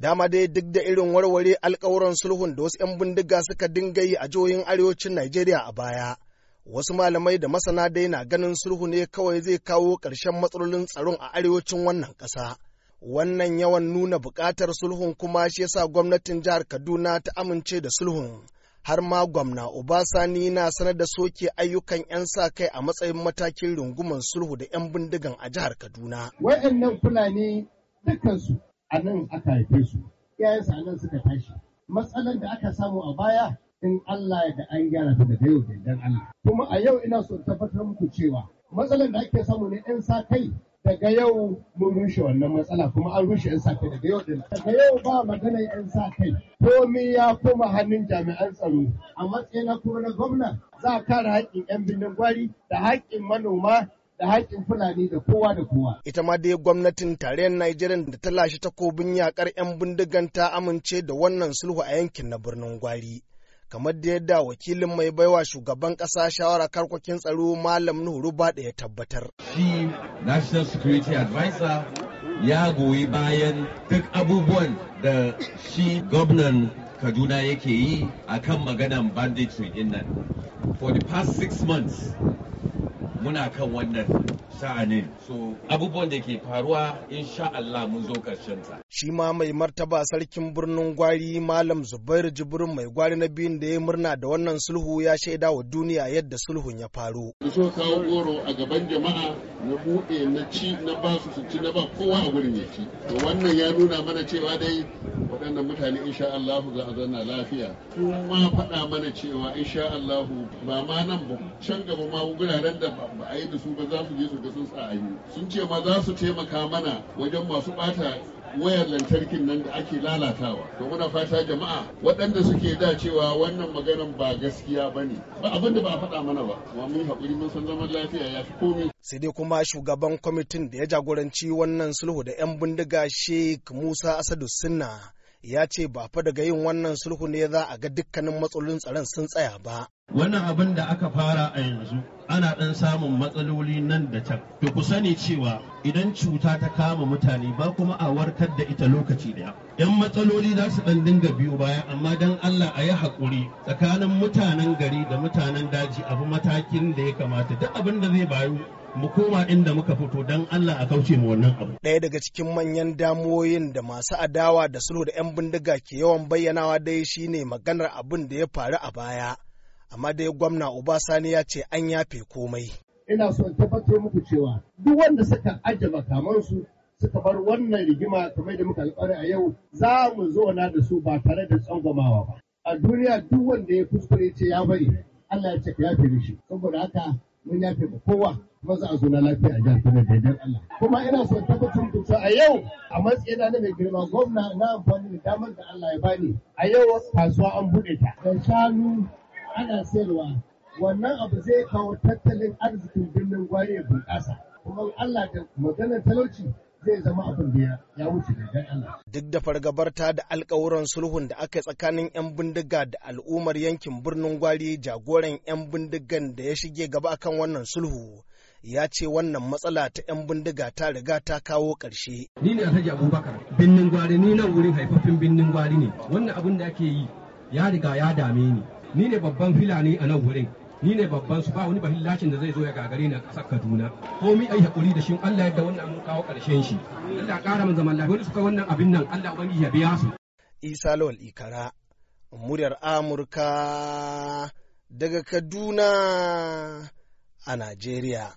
Dama dai duk da irin warware alkawuran sulhun da wasu 'yan bindiga suka dinga yi a jihohin arewacin Najeriya a baya. Wasu malamai da masana dai na ganin sulhu ne kawai zai kawo ƙarshen matsalolin tsaron a arewacin wannan ƙasa. Wannan yawan nuna buƙatar sulhun kuma shi yasa gwamnatin jihar Kaduna ta amince da sulhun. har ma gwamna Obasani na sanar da soke ayyukan 'yan sa kai a matsayin matakin runguman sulhu da 'yan bindigan a jihar Kaduna. Wa'annan Fulani dukansu a nan aka haife su iyayensu a nan suka tashi Matsalar da aka samu a baya in Allah da an gyara ta daga yau da Allah kuma a yau ina so tabbatar muku cewa matsalar da ake samu ne ɗan sa kai daga yau mun rushe wannan matsala kuma an rushe ɗan sa-kai daga yau din daga yau ba magana 'yan sa-kai komi ya koma hannun jami'an tsaro a na kuma na gwamna za a kare haƙƙin 'yan birnin gwari da haƙƙin manoma da haƙƙin Fulani da kowa da kowa. Ita ma dai gwamnatin tarayyar Najeriya da ta lashe takobin yakar 'yan bindigan ta amince da wannan sulhu a yankin na birnin Gwari. Kamar da yadda wakilin mai baiwa shugaban ƙasa shawara karkokin tsaro Malam Nuhu da ya tabbatar. Shi National Security Advisor ya goyi bayan duk abubuwan da shi gwamnan Kaduna yake yi akan maganan banditry din nan. For the past six months, muna kan wannan sa'anin so abubuwan da ke faruwa insha Allah mun zo karshen ta shi ma mai martaba sarkin birnin gwari malam Zubair Jibrin mai gwari na biyun da ya murna da wannan sulhu ya shaida wa duniya yadda sulhun ya faru so kawo goro a gaban jama'a na buɗe na ci na ba su ci na ba kowa a gurin yake to wannan ya nuna mana cewa dai waɗannan mutane insha Allah za a zanna lafiya kuma faɗa mana cewa insha Allah ba ma nan ba can gaba ma guraren da ba a yi da su ba za su je su ga sun sa sun ce ma za su taimaka mana wajen masu ɓata wayar lantarkin nan da ake lalatawa to muna fata jama'a waɗanda suke da cewa wannan maganan ba gaskiya ba ne ba abin da ba a faɗa mana ba kuma mun haƙuri mun san zaman lafiya ya fi komai sai dai kuma shugaban kwamitin da ya jagoranci wannan sulhu da 'yan bindiga sheik musa asadu sinna ya ce ba fa daga yin wannan sulhu ne za a ga dukkanin matsalolin tsaron sun tsaya ba wannan abin da aka fara a yanzu ana ɗan samun matsaloli nan da can to ku sani cewa idan cuta ta kama mutane ba kuma a warkar da ita lokaci daya yan matsaloli za su ɗan dinga biyu baya amma dan Allah a yi haƙuri tsakanin mutanen gari da mutanen daji abu matakin da ya kamata duk abin da zai bayu mu koma inda muka fito don Allah a kauce mu wannan abu. Ɗaya daga cikin manyan damuwoyin da masu adawa da sulhu da 'yan bindiga ke yawan bayyanawa dai shine maganar abin da ya faru a baya. amma dai gwamna Obasani ya ce an yafe komai. Ina son tabbatar muku cewa duk wanda suka ajiye makamansu suka bar wannan rigima kamar da muka alƙawari a yau za mu zauna da su ba tare da tsangwamawa ba. A duniya duk wanda ya kuskure ce ya bari Allah ya ce ka yafe shi saboda haka mun yafe ba kowa kuma za a zo na lafiya a jihar Kano daidai Allah. Kuma ina son tabbatar muku cewa a yau a matsayina na mai girma gwamna na amfani da damar da Allah ya bani a yau kasuwa an buɗe ta. Da shanu ana sayarwa wannan abu zai kawo tattalin arzikin birnin gwari ya bunƙasa kuma Allah da maganar talauci zai zama abin da ya wuce da Allah. Duk da fargabarta da alkawuran sulhun da aka tsakanin 'yan bindiga da al'ummar yankin birnin gwari jagoran 'yan bindigan da ya shige gaba akan wannan sulhu ya ce wannan matsala ta 'yan bindiga ta riga ta kawo ƙarshe. Ni ne Alhaji Abubakar, binnin gwari ni nan wurin haifafin binnin gwari ne, wannan abin da ake yi ya riga ya dame ni. ni ne babban filani a nan wurin ni ne babban su ba wani bahillacin da zai zo ya gagare ni a ƙasar Kaduna ko mi ai hakuri da shi Allah ya da wannan mun kawo ƙarshen shi Allah ƙara mun zaman lafiya wani suka wannan abin nan Allah ubangiji ya biya su Isa Lawal Ikara muryar Amurka daga Kaduna a Najeriya